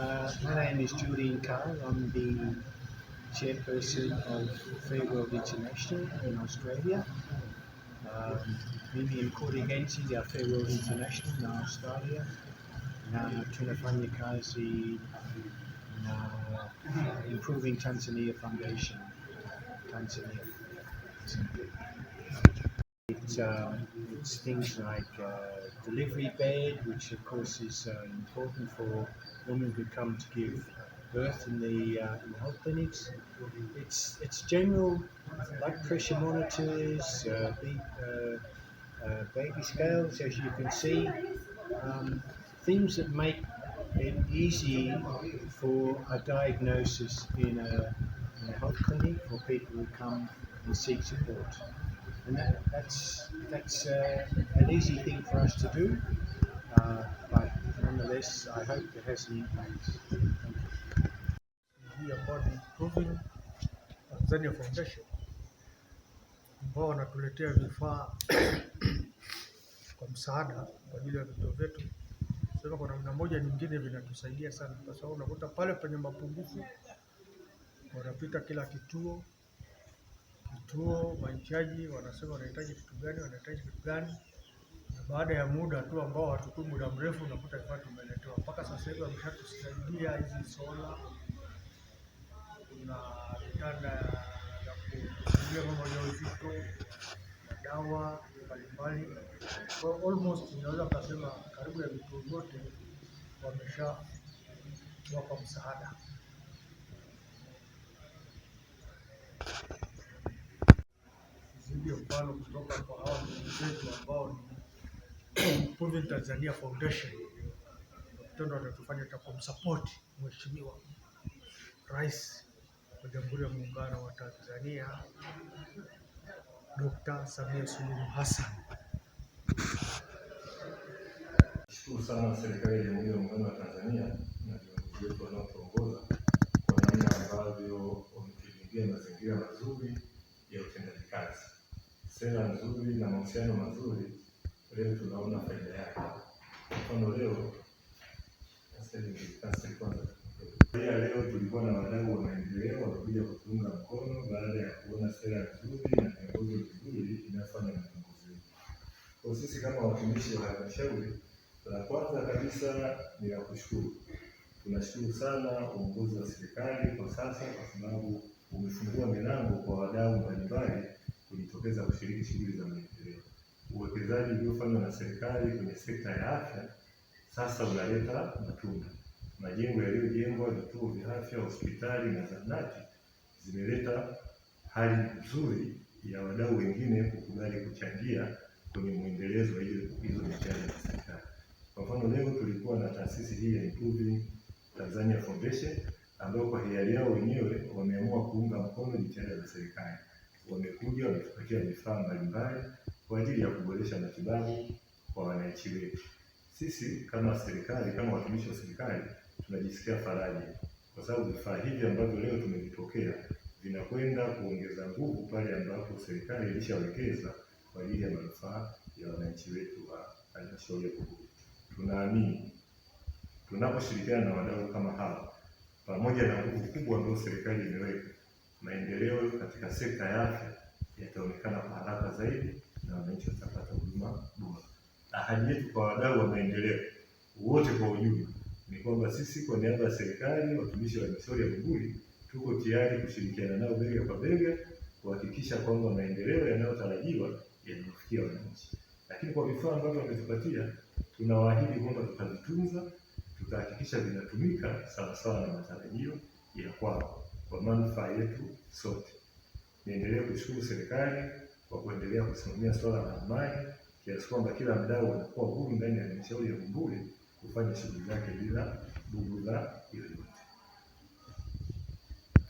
Uh, my name is Julian Carr. I'm the chairperson of Fair World International in Australia. Um, mimi mkuu agency of Fair World International in Australia na tunafanya kazi Improving Tanzania Foundation Tanzania. It, um, it's things like uh, delivery bed, which of course is uh, important for women who come to give birth in the, uh, in the health clinics. It's, it's general blood pressure monitors, the, uh, uh, uh, baby scales, as you can see, um, things that make it easy for a diagnosis in a, in a health clinic for people who come and seek support. and that, that's that's uh, an easy thing for us to do. Uh, but nonetheless, I hope it has an impact. We are about improving Tanzania Foundation ambao wanatuletea vifaa kwa msaada kwa ajili ya vituo vyetu. Sema kwa namna moja nyingine vinatusaidia sana, kwa sababu unakuta pale penye mapungufu wanapita kila kituo kituo, wahitaji wanasema wanahitaji kitu gani, wanahitaji kitu gani, na baada ya muda tu ambao hatukui muda mrefu unakuta vifaa tumeletewa. Mpaka sasa hivi wameshatusaidia hizi sola na vitanda ya kuzuia mama uzito na dawa mbalimbali. Kwa almost unaweza kusema karibu ya vituo vyote wamesha wapa msaada mfano kutoka kwa hawa wenzetu ambao ni Improving Tanzania Foundation, kitendo watatufanya cha kumsupport Mheshimiwa Rais wa Jamhuri ya Muungano wa Tanzania Dr. Samia Suluhu Hassan. Nashukuru sana serikali ya Jamhuri ya Muungano wa Tanzania na viongozi wetu wanaotuongoza kwa namna ambavyo wametujengea mazingira mazuri sera nzuri na mahusiano mazuri, leo tunaona faida yake. Mfano leo pia leo tulikuwa na wadau wa maendeleo walikuja kutunga mkono baada ya kuona sera nzuri na miongozo mizuri inayofanywa na viongozi. Kwa sisi kama watumishi wa halmashauri, la kwanza kabisa ni la kushukuru. Tunashukuru sana uongozi wa serikali kwa sasa, kwa sababu umefungua milango kwa wadau mbalimbali wamepoteza kushiriki shughuli za maendeleo. Uwekezaji uliofanywa na serikali kwenye sekta ya afya sasa unaleta matunda. Majengo yaliyojengwa, vituo vya afya, hospitali na zahanati zimeleta hali nzuri ya wadau wengine kukubali kuchangia kwenye mwendelezo wa hizo jitihada za serikali. Kwa mfano, leo tulikuwa na taasisi hii ya Improving Tanzania Foundation ambayo kwa hiari yao wenyewe wameamua kuunga mkono jitihada za serikali wamekuja wametupatia vifaa mbalimbali kwa ajili ya kuboresha matibabu kwa wananchi wetu. Sisi kama serikali, kama watumishi wa serikali tunajisikia faraja kwa sababu vifaa hivi ambavyo leo tumevipokea vinakwenda kuongeza nguvu pale ambapo serikali ilishawekeza kwa ajili ya manufaa ya wananchi wetu wa halmashauri ya Buhuli. Tunaamini tunaposhirikiana na wadau kama hawa pamoja na nguvu kubwa ambayo serikali imeweka maendeleo katika sekta ya afya yataonekana kwa haraka zaidi na wananchi watapata huduma bora. Ahadi yetu kwa wadau wa maendeleo wote kwa ujumla ni kwamba sisi kwa niaba ya serikali, watumishi wa halmashauri ya Bumbuli, tuko tayari kushirikiana nao bega kwa bega kuhakikisha kwamba maendeleo yanayotarajiwa yanawafikia wananchi. Lakini kwa vifaa ambavyo wametupatia, tunawaahidi kwamba tutavitunza, tutahakikisha vinatumika sawasawa na matarajio ya kwao kwa manufaa yetu sote. Niendelee kushukuru serikali kwa kuendelea kusimamia swala la amani kiasi kwamba kila mdau anakuwa huru ndani ya halmashauri ya Bumbuli kufanya shughuli zake bila bughudha yoyote.